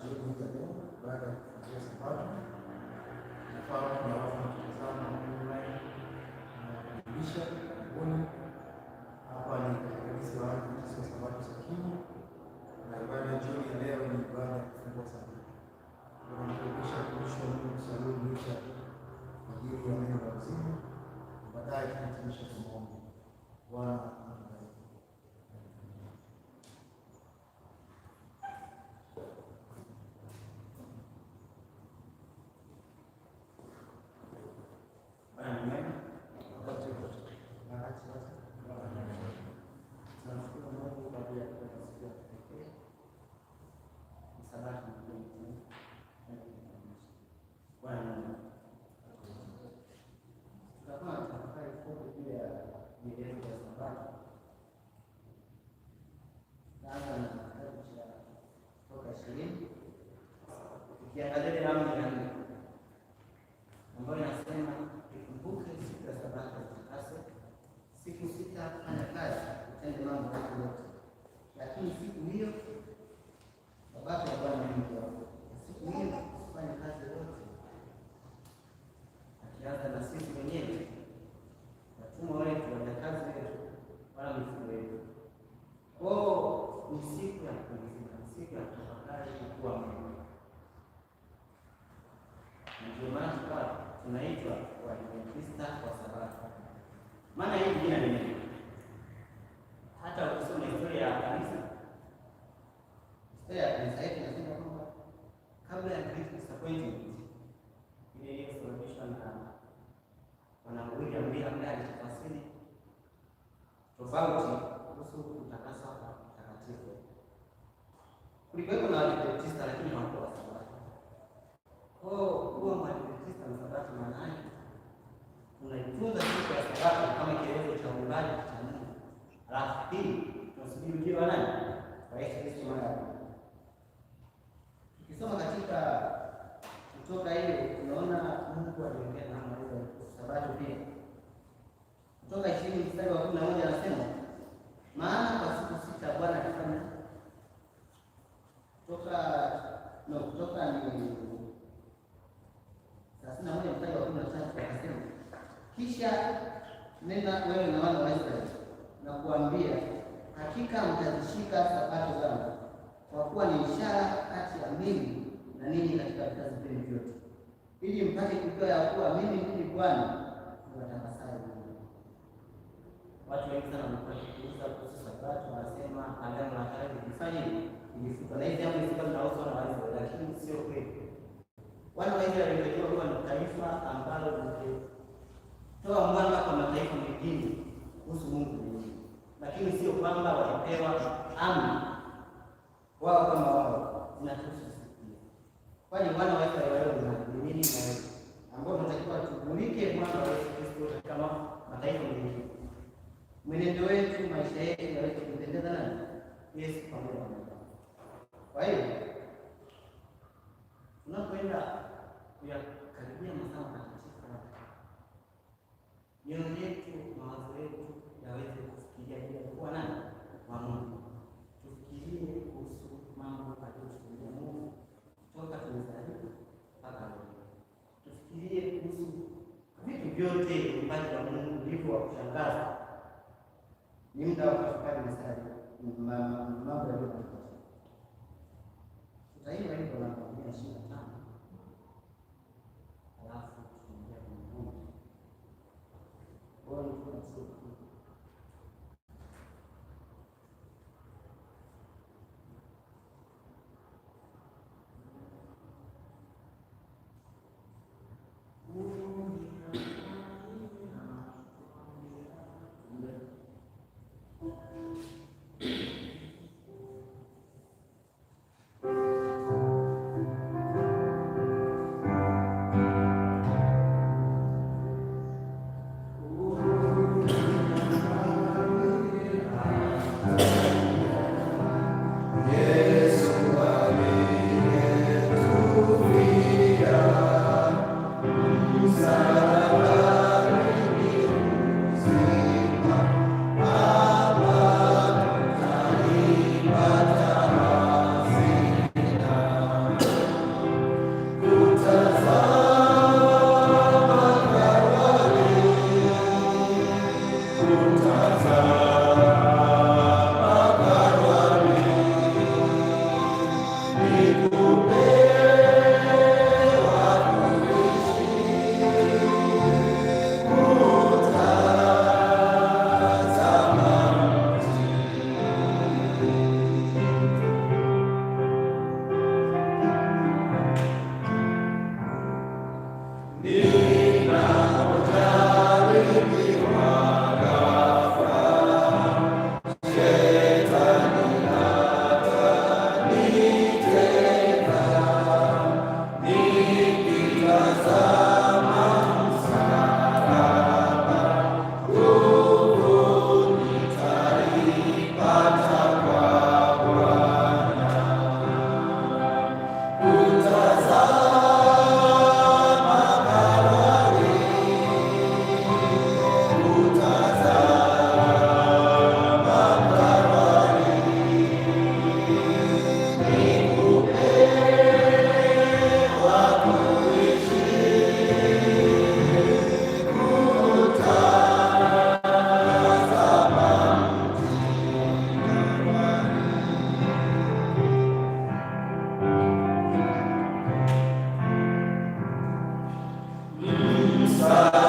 কার্যক্রম যাতে করা Kiangalia Biblia nani ambayo inasema ikumbuke siku ya Sabato utakase, siku sita fanya kazi, utende mambo yako yote, lakini siku hii We will. kwa kuwa ni ishara kati ya mimi na ninyi katika vizazi vyenu vyote, ili mpate kujua ya kuwa mimi ndimi Bwana niwatangazaye ninyi. Watu wengi sana wamekuwa wakiuliza kuhusu Sabato, wanasema Agano la Kale lilifanya ilifutwa na hizi hapo zilikuwa zinahusu na wa lakini sio kweli. Wana wa Israeli waliojua kuwa ni taifa ambalo lingetoa mwanga kwa mataifa mengine kuhusu Mungu mwenyewe, lakini sio kwamba walipewa amri wao kama wao zinatuhusu pia, kwani mwana wa Israeli unaamini na wewe ambao tunatakiwa tugulike mwana wa Yesu Kristo kama mataifa mengine. Mwenendo wetu, maisha yetu yaweze kupendeza nani? Yesu pamoja na kwa hiyo unapoenda kuyakaribia mazao matakatifu yao y pues no, wa no masala mambo no, Santa.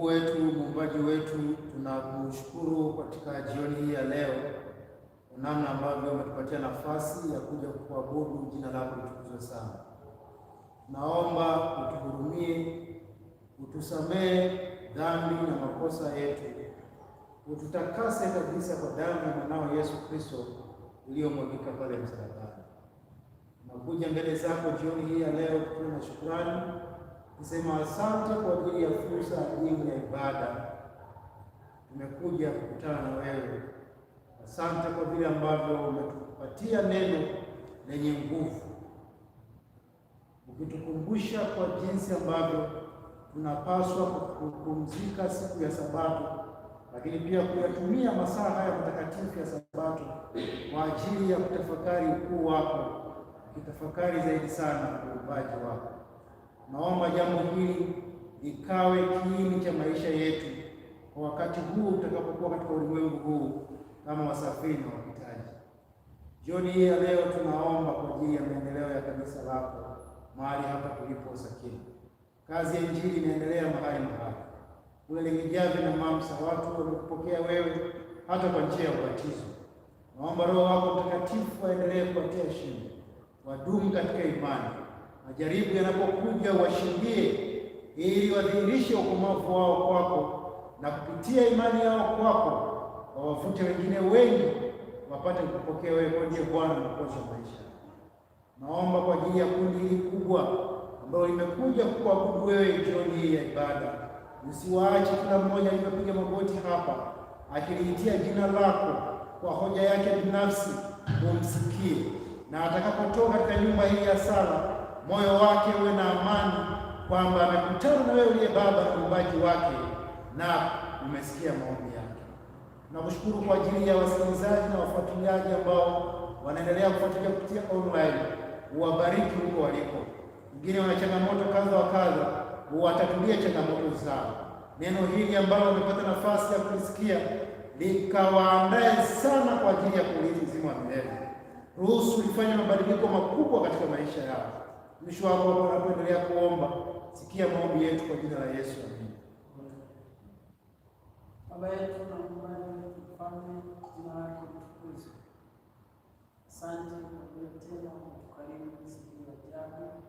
Mungu wetu muumbaji wetu, tunakushukuru katika jioni hii ya leo kwa namna ambavyo umetupatia nafasi ya kuja kuabudu jina lako litukuzwe sana. Naomba utuhurumie, utusamee dhambi na makosa yetu, ututakase kabisa kwa damu ya mwanao Yesu Kristo iliyomwagika pale msalabani. Nakuja mbele zako jioni hii ya leo tukiwa na shukrani Nisema asante kwa ajili ya fursa nyingi ya ibada, tumekuja kukutana na wewe. Asante kwa vile ambavyo umetupatia neno lenye nguvu, ukitukumbusha kwa jinsi ambavyo tunapaswa kupumzika siku ya Sabato, lakini pia kuyatumia masaa haya matakatifu ya Sabato kwa ajili ya kutafakari ukuu wako, ukitafakari zaidi sana uumbaji wako Naomba jambo hili ikawe kiini cha maisha yetu kwa wakati huu tutakapokuwa katika ulimwengu huu kama wasafiri na wahitaji. Jioni hii ya leo tunaomba kwa ajili ya maendeleo ya kanisa lako mahali hapa tulipo Sakina. Kazi ya Injili inaendelea mahali mahali kule Lengijavi na Mamsa, watu wamekupokea wewe hata kwa njia ya ubatizo. Naomba Roho wako Mtakatifu aendelee kuwatia shindo, wadumu katika imani Majaribu yanapokuja washindie, ili wadhihirishe ukomavu wao kwako, na kupitia imani yao kwako wawavute wengine wengi wapate kupokea wewe kwa ndiye Bwana Mwokozi wa maisha. Naomba kwa ajili ya kundi hili kubwa ambalo limekuja kukuabudu wewe jioni hii ya ibada, usiwaache kila mmoja alipopiga magoti hapa akiliitia jina lako kwa hoja yake binafsi, umsikie na atakapotoka katika nyumba hii ya sala moyo wake uwe na amani kwamba amekutana na wewe uliye Baba na wake na umesikia maombi yake. Nakushukuru kwa ajili ya wasikilizaji na wafuatiliaji ambao wanaendelea kufuatilia kupitia online, uwabariki huko waliko. Wengine wana changamoto kadha wa kadha, uwatatulie changamoto zao. Neno hili ambalo wamepata nafasi ya kulisikia likawaandae sana kwa ajili ya kuulizi uzima wa milele. Ruhusu ifanye mabadiliko makubwa katika maisha yao. Mwisho hapo, tunapoendelea kuomba, sikia maombi yetu kwa jina la Yesu, amina. Baba yetu na nyumbani mfalme, jina lako litukuzwe. Asante kwa kuja tena kutukarimu siku ya ajabu,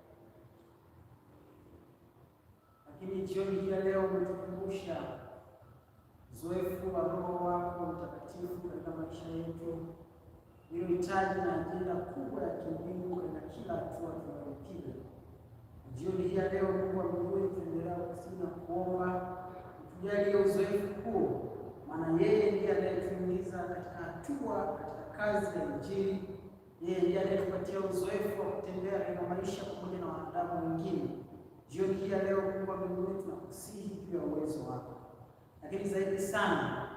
lakini jioni hii leo umetukumbusha uzoefu wa Roho wako Mtakatifu katika maisha yetu lililohitaji na ajenda kubwa ya kimbingu katika kila hatua tunayopiga. Jioni hii ya leo, Mungu wa mbinguni, tuendelea kusii na kuomba utujalie uzoefu huo, maana yeye ndiye anayetuingiza katika hatua katika kazi ya Injili. Yeye ndiye anayetupatia uzoefu wa kutembea katika maisha pamoja na wanadamu wengine. Jioni hii ya leo, Mungu wa mbinguni, tunakusihi juu ya uwezo wako, lakini zaidi sana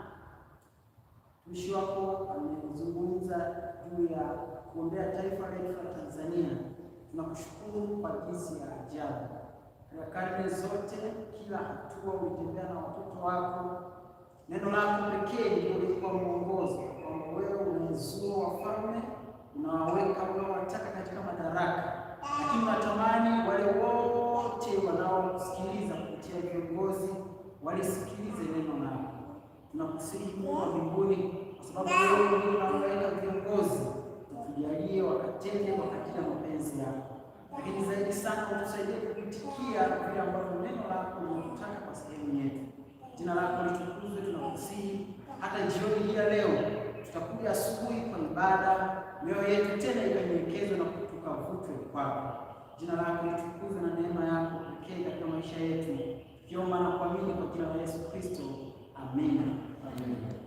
Mtumishi wako amezungumza juu ya kuombea taifa letu la Tanzania. Tunakushukuru kwa jinsi ya ajabu. ya karne zote, kila hatua ulitembea na watoto wako. Neno lako pekee ndio lilikuwa mwongozo, kwamba wewe unazua wafalme, unawaweka unaowataka katika madaraka, lakini natamani wale wote wanaosikiliza kupitia viongozi walisikilize neno lako na kusikuwa mbinguni, kwa sababu wewe ndio unaangalia viongozi, tujalie wakatende kwa katika mapenzi yako, lakini zaidi sana utusaidie kuitikia vile ambavyo neno lako linataka kwa sehemu yetu. Jina lako litukuzwe, tunakusihi. Hata jioni hii ya leo tutakuja asubuhi kwa ibada, mioyo yetu tena ikanyekezwe na tukavutwe kwako. Jina lako litukuzwe na neema yako pekee katika maisha yetu, kiomba na kuamini kwa jina la Yesu Kristo. Amina. Amina.